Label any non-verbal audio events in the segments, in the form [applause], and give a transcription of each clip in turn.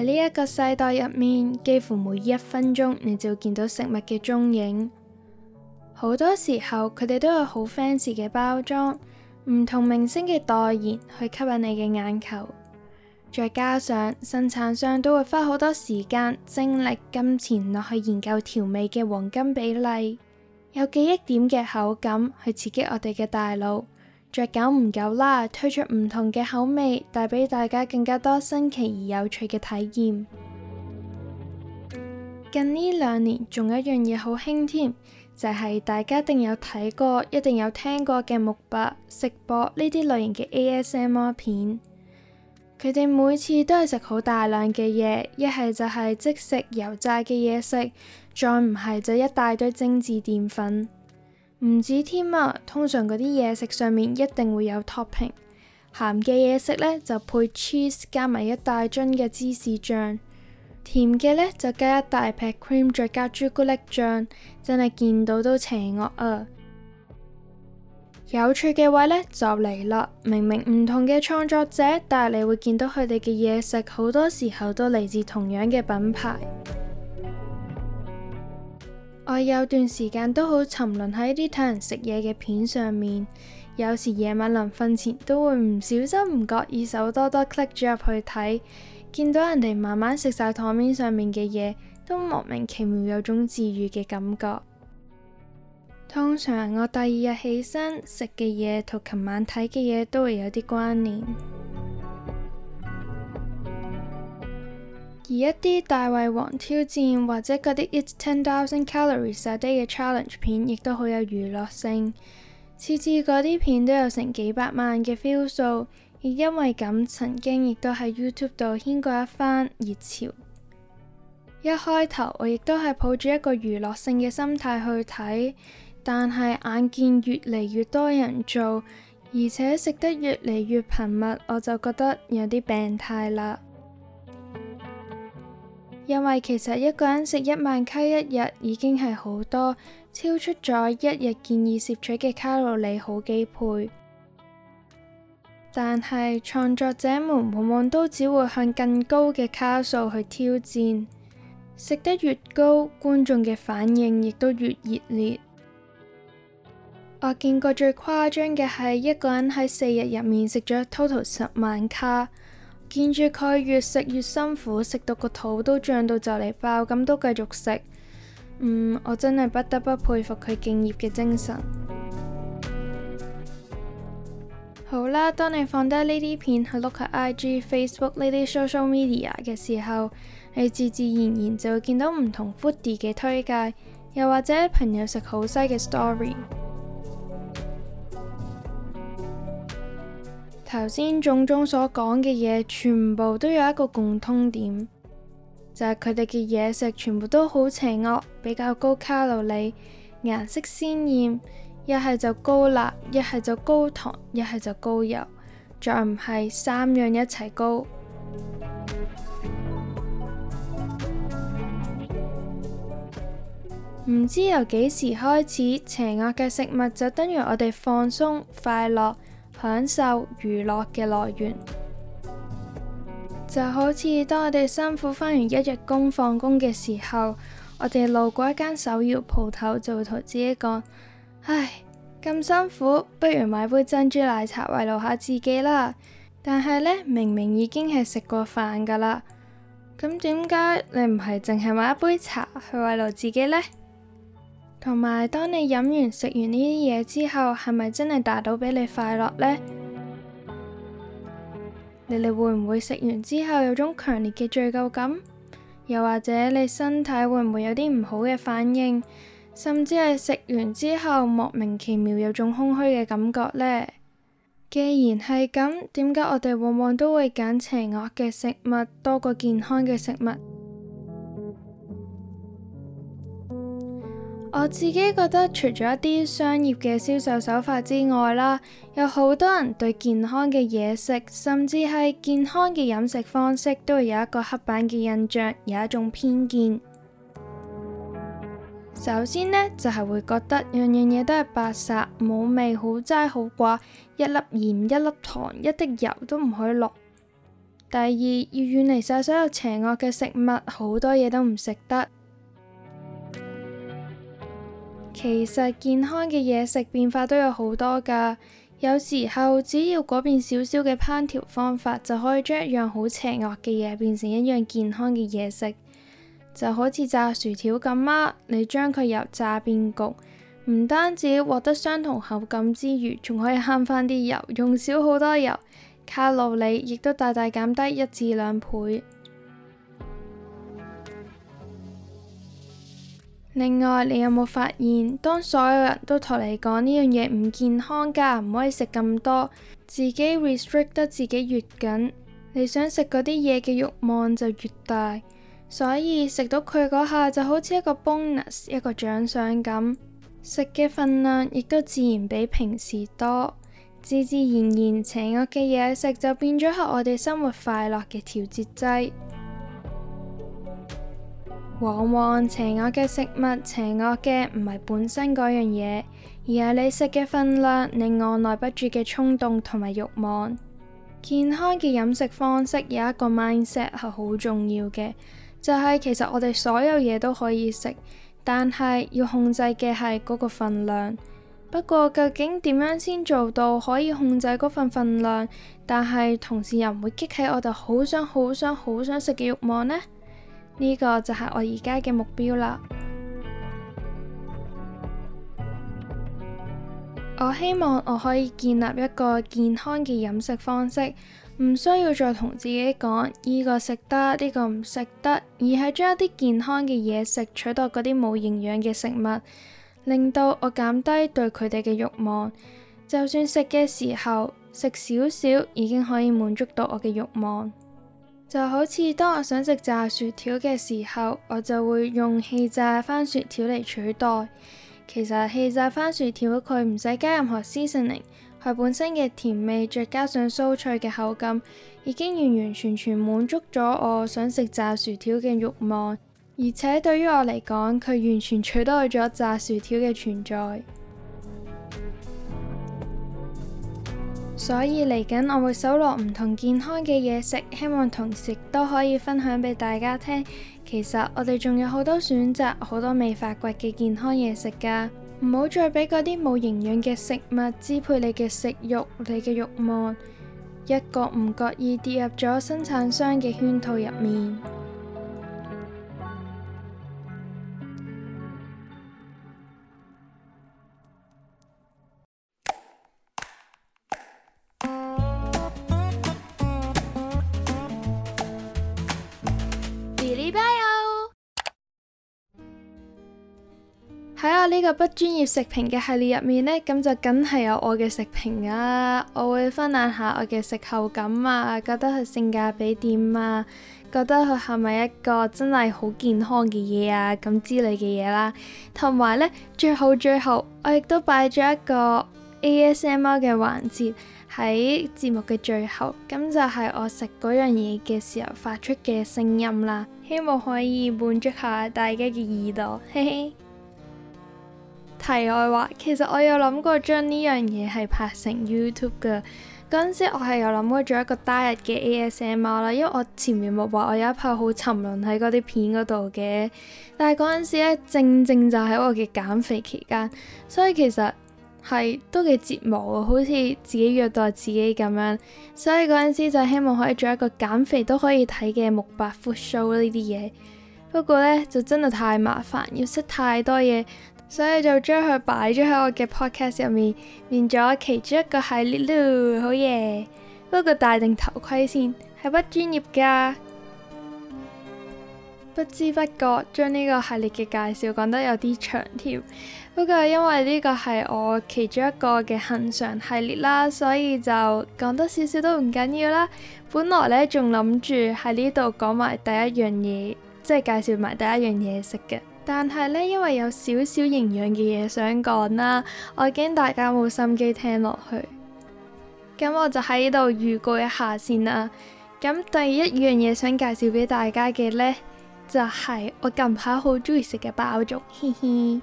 喺呢一個世代入面，幾乎每一分鐘你就見到食物嘅蹤影。好多時候佢哋都有好 fancy 嘅包裝，唔同明星嘅代言去吸引你嘅眼球。再加上生產商都會花好多時間、精力、金錢落去研究調味嘅黃金比例，有記憶點嘅口感去刺激我哋嘅大腦。着久唔久啦，推出唔同嘅口味，帶俾大家更加多新奇而有趣嘅體驗。近呢兩年，仲有一樣嘢好興添，就係大家一定有睇過、一定有聽過嘅木白食播呢啲類型嘅 ASMR 片。佢哋每次都係食好大量嘅嘢，一係就係即食油炸嘅嘢食，再唔係就一大堆精緻澱粉。唔止添啊！通常嗰啲嘢食上面一定會有 topping，鹹嘅嘢食呢，就配 cheese，加埋一大樽嘅芝士醬；甜嘅呢，就加一大劈 cream，再加朱古力醬，真係見到都邪惡啊！有趣嘅位呢就嚟啦，明明唔同嘅創作者，但係你會見到佢哋嘅嘢食好多時候都嚟自同樣嘅品牌。我有段時間都好沉淪喺啲睇人食嘢嘅片上面，有時夜晚臨瞓前都會唔小心唔覺意手多多 click 咗入去睇，見到人哋慢慢食晒台面上面嘅嘢，都莫名其妙有種治癒嘅感覺。通常我第二日起身食嘅嘢同琴晚睇嘅嘢都會有啲關聯。而一啲大胃王挑戰或者嗰啲 It's Ten Thousand Calories a Day 嘅 challenge 片，亦都好有娛樂性。次次嗰啲片都有成幾百萬嘅 view 數，亦因為咁，曾經亦都喺 YouTube 度掀過一番熱潮。一開頭我亦都係抱住一個娛樂性嘅心態去睇，但係眼見越嚟越多人做，而且食得越嚟越頻密，我就覺得有啲病態啦。因為其實一個人食一萬卡一日已經係好多，超出咗一日建議攝取嘅卡路里好幾倍。但係創作者們往往都只會向更高嘅卡數去挑戰，食得越高，觀眾嘅反應亦都越熱烈。我見過最誇張嘅係一個人喺四日入面食咗 total 十萬卡。見住佢越食越辛苦，食到個肚都漲到就嚟爆，咁都繼續食。嗯，我真係不得不佩服佢敬業嘅精神。 [music] 好啦，當你放低呢啲片去 look 下 IG、Facebook 呢啲 social media 嘅時候，你自自然然就會見到唔同 foodie 嘅推介，又或者朋友食好西嘅 story。頭先種種所講嘅嘢，全部都有一個共通點，就係佢哋嘅嘢食全部都好邪惡，比較高卡路里，顏色鮮艷，一係就高辣，一係就高糖，一係就高油，再唔係三樣一齊高。唔知由幾時開始，邪惡嘅食物就等於我哋放鬆、快樂享受娛樂嘅來源，就好似當我哋辛苦翻完一日工放工嘅時候，我哋路過一間手搖鋪頭，就會同自己講：唉，咁辛苦，不如買杯珍珠奶茶慰勞下自己啦。但係呢，明明已經係食過飯㗎啦，咁點解你唔係淨係買一杯茶去慰勞自己呢？同埋，當你飲完食完呢啲嘢之後，係咪真係達到俾你快樂呢？你哋會唔會食完之後有種強烈嘅罪疚感？又或者你身體會唔會有啲唔好嘅反應？甚至係食完之後莫名其妙有種空虛嘅感覺呢？既然係咁，點解我哋往往都會揀邪惡嘅食物多過健康嘅食物？我自己覺得，除咗一啲商業嘅銷售手法之外啦，有好多人對健康嘅嘢食，甚至係健康嘅飲食方式，都會有一個刻板嘅印象，有一種偏見。首先呢，就係會覺得樣樣嘢都係白煞，冇味，好齋好寡，一粒鹽、一粒糖、一滴油都唔可以落。第二，要遠離晒所有邪惡嘅食物，好多嘢都唔食得。其實健康嘅嘢食變化都有好多㗎，有時候只要改變少少嘅烹調方法，就可以將一樣好邪惡嘅嘢變成一樣健康嘅嘢食。就好似炸薯條咁啊，你將佢由炸變焗，唔單止獲得相同口感之餘，仲可以慳返啲油，用少好多油，卡路里亦都大大減低一至兩倍。另外，你有冇發現，當所有人都同你講呢樣嘢唔健康噶，唔可以食咁多，自己 restrict 得自己越緊，你想食嗰啲嘢嘅欲望就越大，所以食到佢嗰下就好似一個 bonus，一個獎賞咁，食嘅份量亦都自然比平時多，自自然然，邪惡嘅嘢食就變咗係我哋生活快樂嘅調節劑。往往邪惡嘅食物，邪惡嘅唔係本身嗰樣嘢，而係你食嘅份量，令我耐不住嘅衝動同埋慾望。健康嘅飲食方式有一個 mindset 係好重要嘅，就係其實我哋所有嘢都可以食，但係要控制嘅係嗰個份量。不過究竟點樣先做到可以控制嗰份分量，但係同時又唔會激起我哋好想好想好想食嘅慾望呢？呢個就係我而家嘅目標啦！我希望我可以建立一個健康嘅飲食方式，唔需要再同自己講呢個食得，呢個唔食得，而係將一啲健康嘅嘢食取代嗰啲冇營養嘅食物，令到我減低對佢哋嘅欲望。就算食嘅時候食少少，已經可以滿足到我嘅欲望。就好似當我想食炸薯條嘅時候，我就會用氣炸番薯條嚟取代。其實氣炸番薯條佢唔使加任何 seasoning，佢本身嘅甜味再加上酥脆嘅口感，已經完完全全滿足咗我想食炸薯條嘅慾望。而且對於我嚟講，佢完全取代咗炸薯條嘅存在。所以嚟緊我會搜羅唔同健康嘅嘢食，希望同時都可以分享俾大家聽。其實我哋仲有好多選擇，好多未發掘嘅健康嘢食㗎。唔好再俾嗰啲冇營養嘅食物，食物支配你嘅食欲、你嘅欲望，一個唔覺意跌入咗生產商嘅圈套入面。喺我呢個不專業食評嘅系列入面呢，咁就梗係有我嘅食評啊！我會分享下我嘅食後感啊，覺得佢性價比點啊，覺得佢係咪一個真係好健康嘅嘢啊，咁之類嘅嘢啦。同埋呢，最後最，最後，我亦都擺咗一個 ASMR 嘅環節喺節目嘅最後，咁就係我食嗰樣嘢嘅時候發出嘅聲音啦。希望可以滿足下大家嘅耳朵，嘿嘿～題外話，其實我有諗過將呢樣嘢係拍成 YouTube 嘅。嗰陣時我係有諗過做一個 Diet 嘅 ASMR 啦，因為我前面木白我有一排好沉淪喺嗰啲片嗰度嘅。但係嗰陣時咧，正正就喺我嘅減肥期間，所以其實係都幾折磨嘅，好似自己虐待自己咁樣。所以嗰陣時就希望可以做一個減肥都可以睇嘅木白 Food Show 呢啲嘢。不過咧就真係太麻煩，要識太多嘢。所以就將佢擺咗喺我嘅 podcast 入面，變咗其中一個系列咯，好耶！不過戴定頭盔先，係不專業噶。不知不覺將呢個系列嘅介紹講得有啲長添，不過因為呢個係我其中一個嘅恆常系列啦，所以就講多少少都唔緊要啦。本來呢仲諗住喺呢度講埋第一樣嘢，即係介紹埋第一樣嘢食嘅。但係呢，因為有少少營養嘅嘢，想講啦，我驚大家冇心機聽落去，咁我就喺度預告一下先啦。咁第一樣嘢，想介紹畀大家嘅呢，就係、是、我近排好中意食嘅包粥，嘻嘻。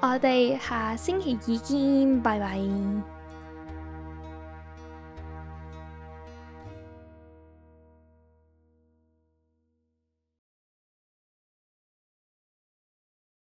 我哋下星期二見，拜拜。